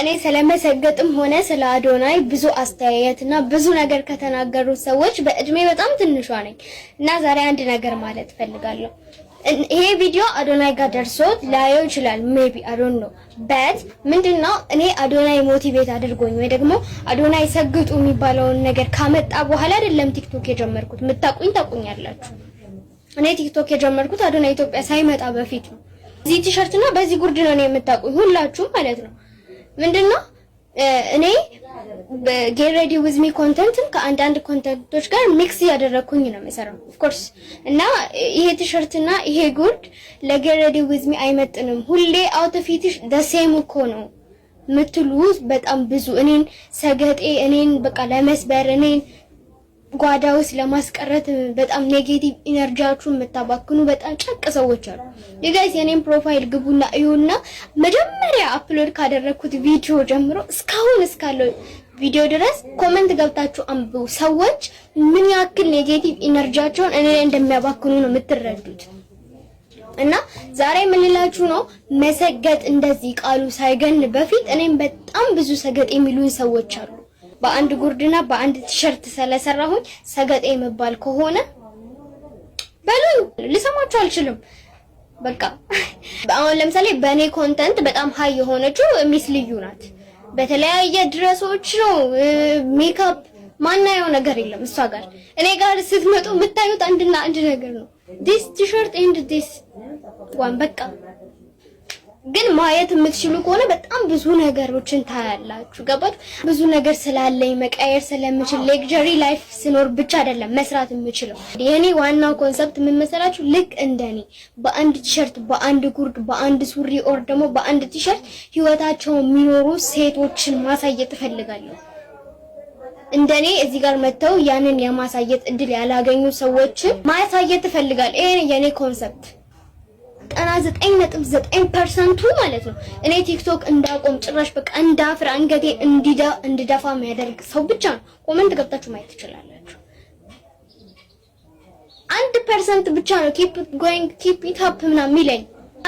እኔ ስለመሰገጥም ሆነ ስለ አዶናይ ብዙ አስተያየት እና ብዙ ነገር ከተናገሩት ሰዎች በእድሜ በጣም ትንሿ ነኝ እና ዛሬ አንድ ነገር ማለት እፈልጋለሁ። ይሄ ቪዲዮ አዶናይ ጋር ደርሶት ላየው ይችላል። ሜቢ አዶን ነው በት ምንድነው እኔ አዶናይ ሞቲቬት አድርጎኝ ወይ ደግሞ አዶናይ ሰግጡ የሚባለውን ነገር ካመጣ በኋላ አይደለም ቲክቶክ የጀመርኩት። የምታቁኝ ታቁኛላችሁ። እኔ ቲክቶክ የጀመርኩት አዶናይ ኢትዮጵያ ሳይመጣ በፊት ነው። እዚህ ቲሸርትና በዚህ ጉርድ ነው እኔ የምታቁኝ ሁላችሁ ማለት ነው። ምንድነው እኔ ጌት ሬዲ ዊዝ ሚ ኮንተንትን ከአንዳንድ ኮንተንቶች ጋር ሚክስ እያደረግኩኝ ነው የምሰራው ኦፍኮርስ። እና ይሄ ቲሸርት እና ይሄ ጉርድ ለጌት ሬዲ ዊዝ ሚ አይመጥንም። ሁሌ አውት ኦፍ ኢትሽ ሴም እኮ ነው የምትሉ በጣም ብዙ እኔን ሰገጤ እኔን በቃ ለመስበር እኔን ጓዳ ውስጥ ለማስቀረት በጣም ኔጌቲቭ ኢነርጂያችሁን የምታባክኑ በጣም ጨቅ ሰዎች አሉ። የጋይስ የኔን ፕሮፋይል ግቡና እዩና መጀመሪያ አፕሎድ ካደረግኩት ቪዲዮ ጀምሮ እስካሁን እስካለው ቪዲዮ ድረስ ኮመንት ገብታችሁ አንብቡ። ሰዎች ምን ያክል ኔጌቲቭ ኢነርጂያቸውን እኔ ላይ እንደሚያባክኑ ነው የምትረዱት። እና ዛሬ የምንላችሁ ነው መሰገጥ እንደዚህ ቃሉ ሳይገን በፊት እኔም በጣም ብዙ ሰገጥ የሚሉኝ ሰዎች አሉ በአንድ ጉርድና በአንድ ቲሸርት ስለሰራሁኝ ሰገጤ የምባል ከሆነ በሉኝ፣ ልሰማችሁ አልችልም። በቃ አሁን ለምሳሌ በእኔ ኮንተንት በጣም ሀይ የሆነችው ሚስ ልዩ ናት። በተለያየ ድረሶች ነው ሜካፕ፣ ማናየው ነገር የለም እሷ ጋር። እኔ ጋር ስትመጡ የምታዩት አንድና አንድ ነገር ነው፣ ዲስ ቲሸርት ኤንድ ዲስ ዋን በቃ ግን ማየት የምትችሉ ከሆነ በጣም ብዙ ነገሮችን ታያላችሁ። ገባችሁ? ብዙ ነገር ስላለኝ መቀየር ስለምችል ሌክጀሪ ላይፍ ስኖር ብቻ አይደለም መስራት የምችለው። የኔ ዋናው ኮንሰፕት የምመሰላችሁ ልክ እንደኔ በአንድ ቲሸርት፣ በአንድ ጉርድ፣ በአንድ ሱሪ ኦር ደግሞ በአንድ ቲሸርት ህይወታቸውን የሚኖሩ ሴቶችን ማሳየት እፈልጋለሁ። እንደኔ እዚህ ጋር መጥተው ያንን የማሳየት እድል ያላገኙ ሰዎችን ማሳየት እፈልጋለሁ። ይሄ የኔ ኮንሰፕት 99.9 ፐርሰንቱ ማለት ነው እኔ ቲክቶክ እንዳቆም ጭራሽ በቃ እንዳፍር አንገቴ እንድደፋ የሚያደርግ ሰው ብቻ ነው። ኮመንት ገብታችሁ ማየት ትችላላችሁ። አንድ ፐርሰንት ብቻ ነው ኪፕ ጎይንግ ኪፕ ኢት አፕ ምናምን የሚለኝ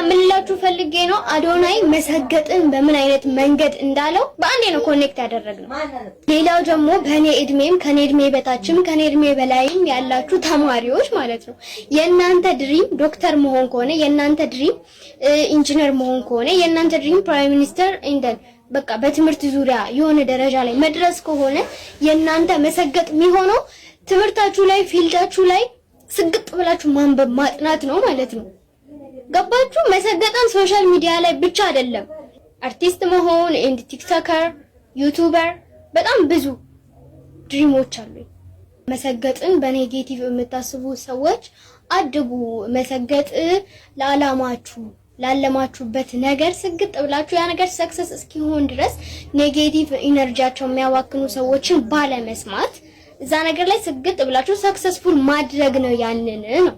ምንላችሁ ፈልጌ ነው አዶናይ መሰገጥን በምን አይነት መንገድ እንዳለው በአንዴ ነው ኮኔክት ያደረግነው። ሌላው ደግሞ በእኔ እድሜም ከኔ እድሜ በታችም ከኔ እድሜ በላይም ያላችሁ ተማሪዎች ማለት ነው የእናንተ ድሪም ዶክተር መሆን ከሆነ የእናንተ ድሪም ኢንጂነር መሆን ከሆነ የእናንተ ድሪም ፕራይም ሚኒስተር እንደን በቃ በትምህርት ዙሪያ የሆነ ደረጃ ላይ መድረስ ከሆነ የእናንተ መሰገጥ የሚሆነው ትምህርታችሁ ላይ ፊልዳችሁ ላይ ስግጥ ብላችሁ ማንበብ ማጥናት ነው ማለት ነው። ገባችሁ? መሰገጠን ሶሻል ሚዲያ ላይ ብቻ አይደለም። አርቲስት መሆን ኤንድ ቲክቶከር፣ ዩቱበር በጣም ብዙ ድሪሞች አሉኝ። መሰገጥን በኔጌቲቭ የምታስቡ ሰዎች አድጉ። መሰገጥ ለዓላማችሁ ላለማችሁበት ነገር ስግጥ ብላችሁ ያ ነገር ሰክሰስ እስኪሆን ድረስ ኔጌቲቭ ኢነርጂያቸው የሚያዋክኑ ሰዎችን ባለመስማት እዛ ነገር ላይ ስግጥ ብላችሁ ሰክሰስፉል ማድረግ ነው ያንን ነው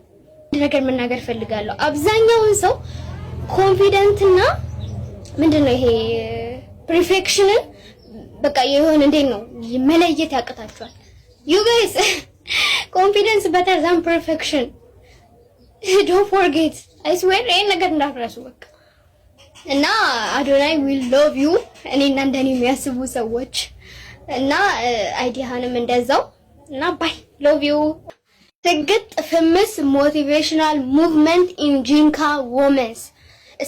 ነገር መናገር ፈልጋለሁ። አብዛኛውን ሰው ኮንፊደንትና ምንድን ነው ይሄ ፕሪፌክሽንን በቃ የሆነ እንዴት ነው መለየት ያቅታችኋል። ዩ ጋይስ ኮንፊደንስ በተር ዛን ፐርፌክሽን ዶንት ፎርጌት አይ ስዌር ይሄን ነገር እንዳትረሱ በቃ እና አዶናይ ዊል ሎቭ ዩ እኔና እንደኔ የሚያስቡ ሰዎች እና uh, አይዲያህንም እንደዛው እና ባይ ሎቭ ዩ ስግጥ ፍምስ ሞቲቬሽናል ሙቭመንት ኢን ጂንካ ወመንስ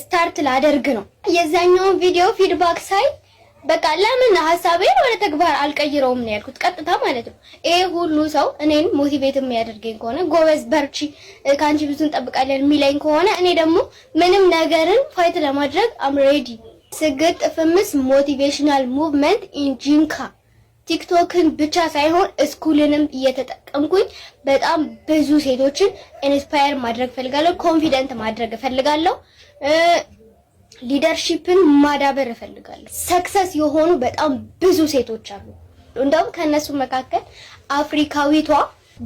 ስታርት ላደርግ ነው። የዛኛውን ቪዲዮ ፊድባክ ሳይ በቃ ለምን ሀሳቤን ወደ ተግባር አልቀይረውም ነው ያልኩት፣ ቀጥታ ማለት ነው። ይሄ ሁሉ ሰው እኔን ሞቲቬት የሚያደርገኝ ከሆነ ጎበዝ፣ በርቺ፣ ከአንቺ ብዙ እንጠብቃለን የሚለኝ ከሆነ እኔ ደግሞ ምንም ነገርን ፋይት ለማድረግ አም ሬዲ። ስግጥ ፍምስ ሞቲቬሽናል ሙቭመንት ኢን ጂንካ ቲክቶክን ብቻ ሳይሆን እስኩልንም እየተጠቀምኩኝ በጣም ብዙ ሴቶችን ኢንስፓየር ማድረግ ፈልጋለሁ። ኮንፊደንት ማድረግ እፈልጋለሁ። ሊደርሺፕን ማዳበር እፈልጋለሁ። ሰክሰስ የሆኑ በጣም ብዙ ሴቶች አሉ። እንደውም ከእነሱ መካከል አፍሪካዊቷ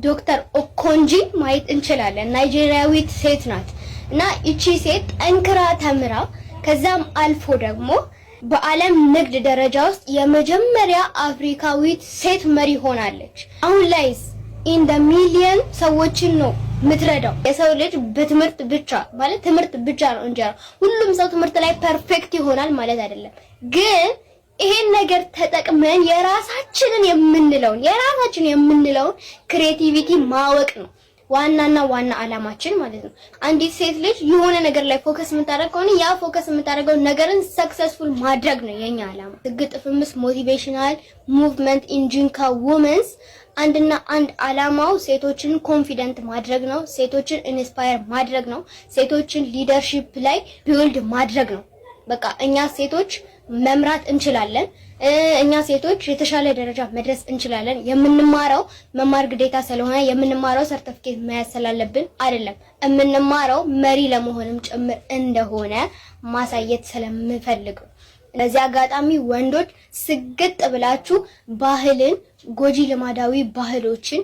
ዶክተር ኦኮንጂ ማየት እንችላለን። ናይጄሪያዊት ሴት ናት እና ይቺ ሴት ጠንክራ ተምራ ከዛም አልፎ ደግሞ በዓለም ንግድ ደረጃ ውስጥ የመጀመሪያ አፍሪካዊት ሴት መሪ ሆናለች። አሁን ላይስ ኢንደ ሚሊየን ሰዎችን ነው ምትረዳው። የሰው ልጅ በትምህርት ብቻ ማለት ትምህርት ብቻ ነው እንጀራ። ሁሉም ሰው ትምህርት ላይ ፐርፌክት ይሆናል ማለት አይደለም። ግን ይሄን ነገር ተጠቅመን የራሳችንን የምንለውን የራሳችንን የምንለውን ክሬቲቪቲ ማወቅ ነው። ዋናና ዋና አላማችን ማለት ነው። አንዲት ሴት ልጅ የሆነ ነገር ላይ ፎከስ የምታደርግ ከሆነ ያ ፎከስ የምታደርገው ነገርን ሰክሰስፉል ማድረግ ነው የኛ አላማ። ህግ ጥፍምስ ሞቲቬሽናል ሙቭመንት ኢንጂን ውመንስ አንድና አንድ አላማው ሴቶችን ኮንፊደንት ማድረግ ነው። ሴቶችን ኢንስፓየር ማድረግ ነው። ሴቶችን ሊደርሺፕ ላይ ቢውልድ ማድረግ ነው። በቃ እኛ ሴቶች መምራት እንችላለን። እኛ ሴቶች የተሻለ ደረጃ መድረስ እንችላለን። የምንማረው መማር ግዴታ ስለሆነ የምንማረው ሰርተፍኬት መያዝ ስላለብን አይደለም። የምንማረው መሪ ለመሆንም ጭምር እንደሆነ ማሳየት ስለምፈልግ ለዚህ በዚህ አጋጣሚ ወንዶች ስግጥ ብላችሁ ባህልን፣ ጎጂ ልማዳዊ ባህሎችን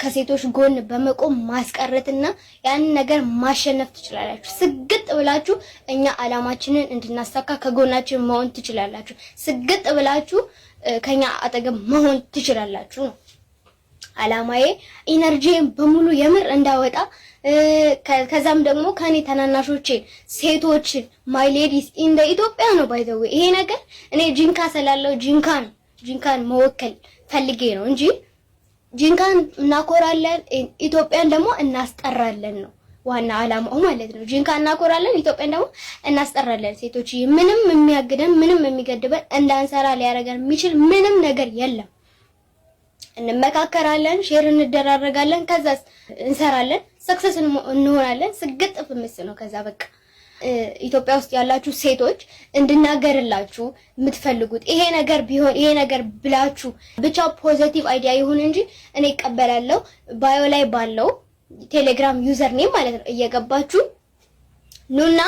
ከሴቶች ጎን በመቆም ማስቀረትና ያንን ነገር ማሸነፍ ትችላላችሁ። ስግጥ ብላችሁ እኛ አላማችንን እንድናሳካ ከጎናችን መሆን ትችላላችሁ። ስግጥ ብላችሁ ከኛ አጠገብ መሆን ትችላላችሁ ነው አላማዬ። ኢነርጂን በሙሉ የምር እንዳወጣ ከዛም ደግሞ ከኔ ተናናሾቼን ሴቶችን ማይ ሌዲስ ኢን ኢትዮጵያ ነው ባይዘዌ ይሄ ነገር እኔ ጂንካ ስላለው ጂንካን ጂንካን መወከል ፈልጌ ነው እንጂ ጂንካን እናኮራለን፣ ኢትዮጵያን ደግሞ እናስጠራለን ነው ዋና አላማው ማለት ነው። ጂንካ እናኮራለን፣ ኢትዮጵያን ደግሞ እናስጠራለን። ሴቶች ምንም የሚያግደን ምንም የሚገድበን እንዳንሰራ ሊያደርገን የሚችል ምንም ነገር የለም። እንመካከራለን፣ ሼር እንደራረጋለን፣ ከዛ እንሰራለን፣ ሰክሰስ እንሆናለን። ስግጥ ፍምስ ነው ከዛ በቃ ኢትዮጵያ ውስጥ ያላችሁ ሴቶች እንድናገርላችሁ የምትፈልጉት ይሄ ነገር ቢሆን ይሄ ነገር ብላችሁ ብቻ ፖዘቲቭ አይዲያ ይሁን እንጂ እኔ ይቀበላለሁ። ባዮ ላይ ባለው ቴሌግራም ዩዘር ኔም ማለት ነው እየገባችሁ ኑና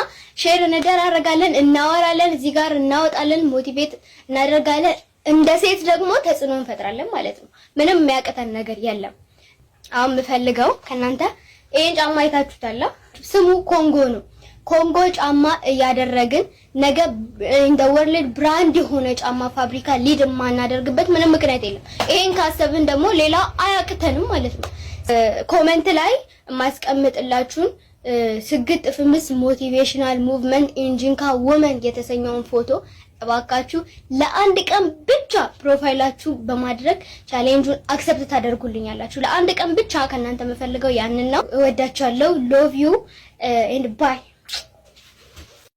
ሼር እንደራረጋለን፣ እናወራለን፣ እዚህ ጋር እናወጣለን፣ ሞቲቬት እናደርጋለን። እንደ ሴት ደግሞ ተጽዕኖ እንፈጥራለን ማለት ነው። ምንም የሚያቅተን ነገር የለም። አሁን የምፈልገው ከእናንተ ይህን ጫማ አይታችሁታል። ስሙ ኮንጎ ነው። ኮንጎ ጫማ እያደረግን ነገ እንደ ወርልድ ብራንድ የሆነ ጫማ ፋብሪካ ሊድ የማናደርግበት ምንም ምክንያት የለም። ይሄን ካሰብን ደግሞ ሌላ አያቅተንም ማለት ነው። ኮመንት ላይ የማስቀምጥላችሁን ስግጥ ፍምስ ሞቲቬሽናል ሙቭመንት ኢንጂንካ ውመን የተሰኘውን ፎቶ እባካችሁ ለአንድ ቀን ብቻ ፕሮፋይላችሁ በማድረግ ቻሌንጁን አክሰፕት ታደርጉልኛላችሁ። ለአንድ ቀን ብቻ ከእናንተ የምፈልገው ያንን ነው። እወዳችኋለሁ። ሎቭ ዩ ኤንድ ባይ